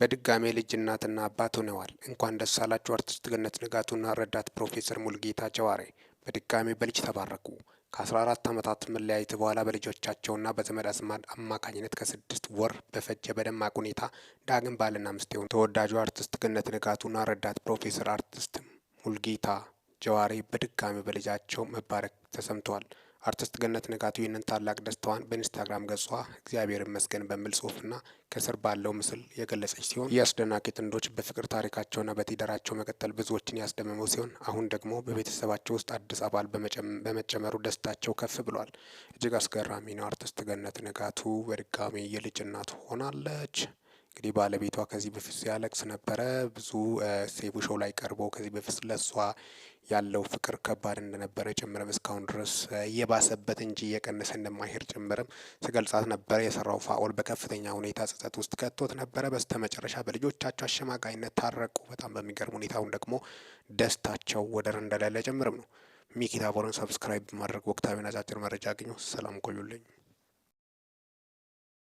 በድጋሜ ልጅ እናትና አባት ሆነዋል። እንኳን ደስ አላችሁ አርቲስት ገነት ንጋቱና ረዳት ፕሮፌሰር ሙልጌታ ጀዋሬ በድጋሜ በልጅ ተባረኩ። ከ14 ዓመታት መለያየት በኋላ በልጆቻቸውና በዘመድ አዝማድ አማካኝነት ከስድስት ወር በፈጀ በደማቅ ሁኔታ ዳግም ባልና ምስት ሆኑ። ተወዳጁ አርቲስት ገነት ንጋቱና ረዳት ፕሮፌሰር አርቲስት ሙልጌታ ጀዋሬ በድጋሜ በልጃቸው መባረክ ተሰምተዋል። አርቲስት ገነት ንጋቱ ይህንን ታላቅ ደስታዋን በኢንስታግራም ገጿ እግዚአብሔር ይመስገን በሚል ጽሁፍና ከስር ባለው ምስል የገለጸች ሲሆን የአስደናቂ ጥንዶች በፍቅር ታሪካቸውና በትዳራቸው መቀጠል ብዙዎችን ያስደመመው ሲሆን አሁን ደግሞ በቤተሰባቸው ውስጥ አዲስ አባል በመጨመሩ ደስታቸው ከፍ ብሏል። እጅግ አስገራሚ ነው። አርቲስት ገነት ንጋቱ በድጋሚ የልጅ እናት ሆናለች። እንግዲህ ባለቤቷ ከዚህ በፊት ሲያለቅስ ነበረ። ብዙ ሴቡ ሾው ላይ ቀርቦ ከዚህ በፊት ለሷ ያለው ፍቅር ከባድ እንደነበረ ጭምርም እስካሁን ድረስ እየባሰበት እንጂ እየቀነሰ እንደማይሄድ ጭምርም ስገልጻት ነበረ። የሰራው ፋውል በከፍተኛ ሁኔታ ጸጸት ውስጥ ከቶት ነበረ። በስተመጨረሻ በልጆቻቸው አሸማጋይነት ታረቁ። በጣም በሚገርም ሁኔታውን ደግሞ ደስታቸው ወደር እንደሌለ ጭምርም ነው። ቦረን ሰብስክራይብ በማድረግ ወቅታዊና አጫጭር መረጃ አግኙ። ሰላም ቆዩልኝ።